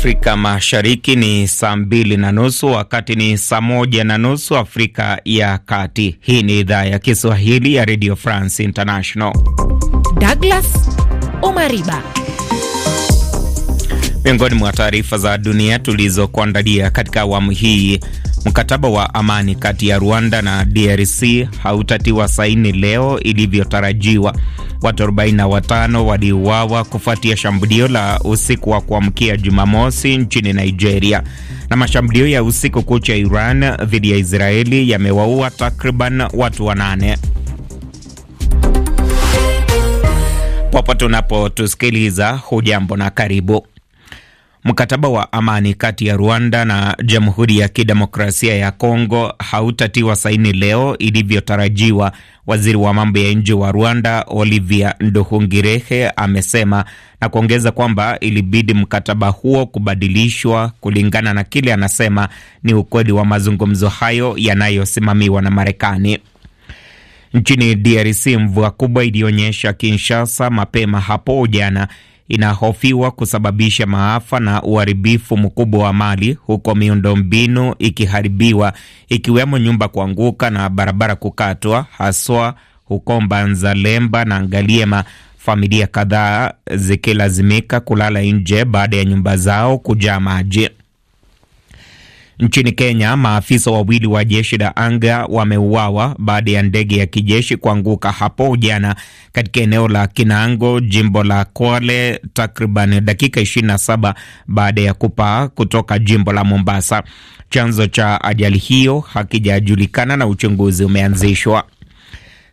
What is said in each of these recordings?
Afrika Mashariki ni saa mbili na nusu, wakati ni saa moja na nusu Afrika ya Kati. Hii ni idhaa ya Kiswahili ya Radio France International. Douglas Omariba Miongoni mwa taarifa za dunia tulizokuandalia katika awamu hii, mkataba wa amani kati ya Rwanda na DRC hautatiwa saini leo ilivyotarajiwa. Watu 45 waliuawa kufuatia shambulio la usiku wa kuamkia Jumamosi nchini Nigeria. Na mashambulio ya usiku kucha Iran dhidi ya Israeli yamewaua takriban watu wanane. Popote unapotusikiliza, hujambo na karibu. Mkataba wa amani kati ya Rwanda na Jamhuri ya Kidemokrasia ya Kongo hautatiwa saini leo ilivyotarajiwa. Waziri wa mambo ya nje wa Rwanda Olivia Nduhungirehe amesema na kuongeza kwamba ilibidi mkataba huo kubadilishwa kulingana na kile anasema ni ukweli wa mazungumzo hayo yanayosimamiwa na Marekani. Nchini DRC, mvua kubwa iliyonyesha Kinshasa mapema hapo jana inahofiwa kusababisha maafa na uharibifu mkubwa wa mali, huko miundombinu ikiharibiwa ikiwemo nyumba kuanguka na barabara kukatwa, haswa huko Mbanzalemba na Ngaliema, familia kadhaa zikilazimika kulala nje baada ya nyumba zao kujaa maji. Nchini Kenya, maafisa wawili wa jeshi la anga wameuawa baada ya ndege ya kijeshi kuanguka hapo jana katika eneo la Kinango, jimbo la Kwale, takriban dakika 27 baada ya kupaa kutoka jimbo la Mombasa. Chanzo cha ajali hiyo hakijajulikana na uchunguzi umeanzishwa.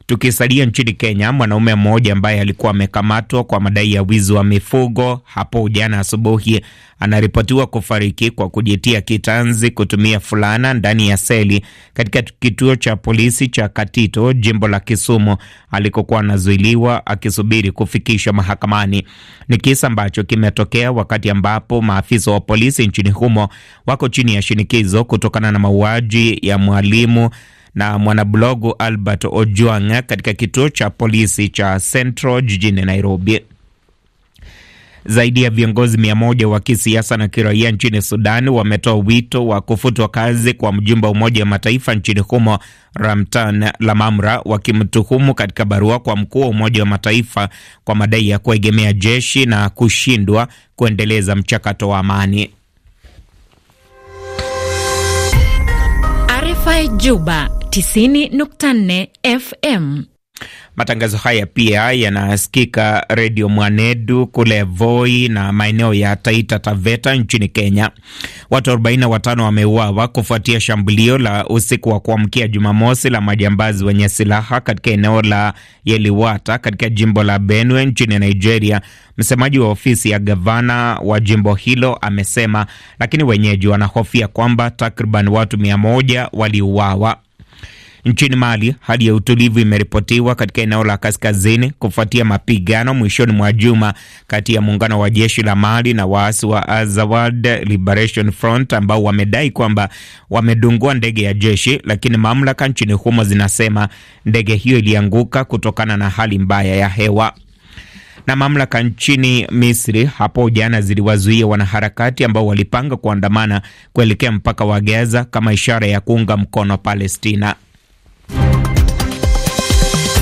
Tukisalia nchini Kenya, mwanaume mmoja ambaye alikuwa amekamatwa kwa madai ya wizi wa mifugo hapo jana asubuhi anaripotiwa kufariki kwa kujitia kitanzi kutumia fulana ndani ya seli katika kituo cha polisi cha Katito, jimbo la Kisumu, alikokuwa anazuiliwa akisubiri kufikishwa mahakamani. Ni kisa ambacho kimetokea wakati ambapo maafisa wa polisi nchini humo wako chini ya shinikizo kutokana na mauaji ya mwalimu na mwanablogu Albert Ojwang katika kituo cha polisi cha Central jijini Nairobi. Zaidi ya viongozi mia moja wa kisiasa na kiraia nchini Sudan wametoa wito wa kufutwa kazi kwa mjumbe wa Umoja wa Mataifa nchini humo Ramtan Lamamra, wakimtuhumu katika barua kwa mkuu wa Umoja wa Mataifa kwa madai ya kuegemea jeshi na kushindwa kuendeleza mchakato wa amani. RFI Juba 90.4 FM. Matangazo haya pia yanasikika redio Mwanedu kule Voi na maeneo ya Taita Taveta nchini Kenya. Watu 45 wameuawa kufuatia shambulio la usiku wa kuamkia Jumamosi la majambazi wenye silaha katika eneo la Yeliwata katika jimbo la Benue nchini Nigeria. Msemaji wa ofisi ya gavana wa jimbo hilo amesema, lakini wenyeji wanahofia kwamba takriban watu 100 waliuawa. Nchini Mali, hali ya utulivu imeripotiwa katika eneo la kaskazini kufuatia mapigano mwishoni mwa juma kati ya muungano wa jeshi la Mali na waasi wa Azawad Liberation Front ambao wamedai kwamba wamedungua ndege ya jeshi, lakini mamlaka nchini humo zinasema ndege hiyo ilianguka kutokana na hali mbaya ya hewa na mamlaka nchini Misri hapo jana ziliwazuia wanaharakati ambao walipanga kuandamana kuelekea mpaka wa Gaza kama ishara ya kuunga mkono Palestina.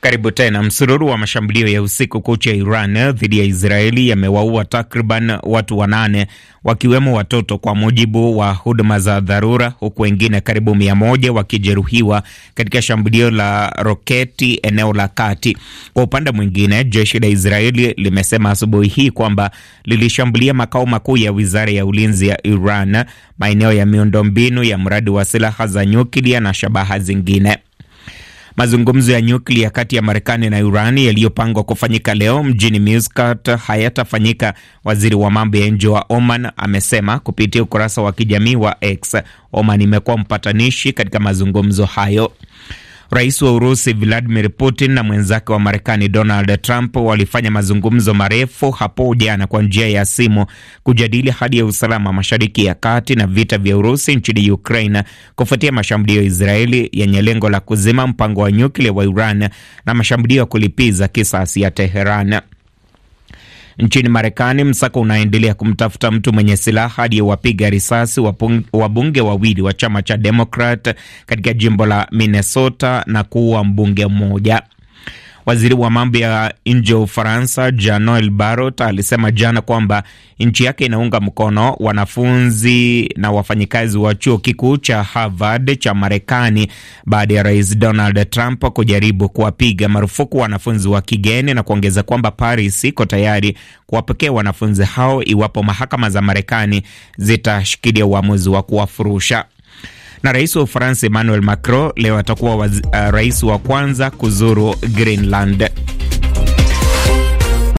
Karibu tena. Msururu wa mashambulio ya usiku kucha Iran dhidi ya Israeli yamewaua takriban watu wanane wakiwemo watoto, kwa mujibu wa huduma za dharura, huku wengine karibu mia moja wakijeruhiwa katika shambulio la roketi eneo la kati. Kwa upande mwingine, jeshi la Israeli limesema asubuhi hii kwamba lilishambulia makao makuu ya wizara ya ulinzi ya Iran, maeneo ya miundombinu ya mradi wa silaha za nyuklia na shabaha zingine. Mazungumzo ya nyuklia kati ya Marekani na Irani yaliyopangwa kufanyika leo mjini Muscat hayatafanyika, waziri wa mambo ya nje wa Oman amesema kupitia ukurasa wa kijamii wa X. Oman imekuwa mpatanishi katika mazungumzo hayo. Rais wa Urusi Vladimir Putin na mwenzake wa Marekani Donald Trump walifanya mazungumzo marefu hapo jana kwa njia ya simu kujadili hali ya usalama mashariki ya kati na vita vya Urusi nchini Ukraine kufuatia mashambulio ya Israeli yenye lengo la kuzima mpango wa nyuklia wa Iran na mashambulio ya kulipiza kisasi ya Teheran. Nchini Marekani, msako unaendelea kumtafuta mtu mwenye silaha aliyewapiga risasi wabunge wawili wa chama cha Demokrat katika jimbo la Minnesota na kuua mbunge mmoja. Waziri wa mambo ya nje wa Ufaransa Jean-Noel Barrot alisema jana kwamba nchi yake inaunga mkono wanafunzi na wafanyikazi wa chuo kikuu cha Harvard cha Marekani baada ya Rais Donald Trump kujaribu kuwapiga marufuku wanafunzi wa kigeni na kuongeza kwamba Paris iko tayari kuwapokea wanafunzi hao iwapo mahakama za Marekani zitashikilia uamuzi wa kuwafurusha. Na rais wa Ufaransa Emmanuel Macron leo atakuwa uh, rais wa kwanza kuzuru Greenland.